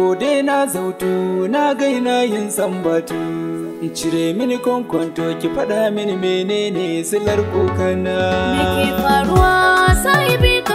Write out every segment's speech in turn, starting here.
ko dai na zautu na gaina yin sambatu cire mini kwankwanto ki faɗa mini menene silar kokana me ke faruwa bi ka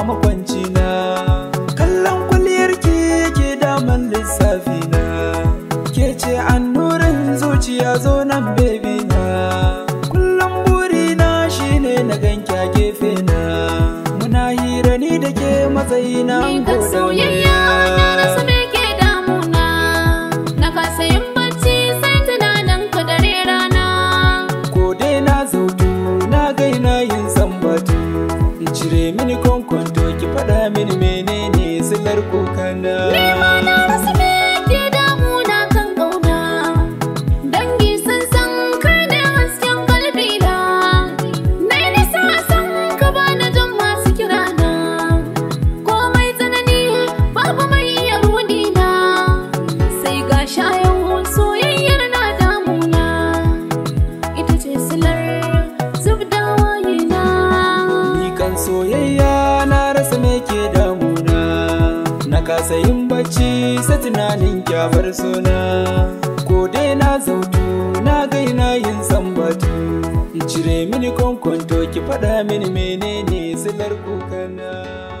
a makwanci na kallon kwalliyar ki ke daman lissafi na ke ce annurin zuciya zo nan baby na kullum buri na shine na ganki a gefe na muna hira ni da ke matsayi na godawa min menene silar kokana. kasa yin bacci sa tunanin kyafar suna ko dai na zautu na gaina yin sambatu cire mini kwankwanto ki faɗa mini menene silar kukana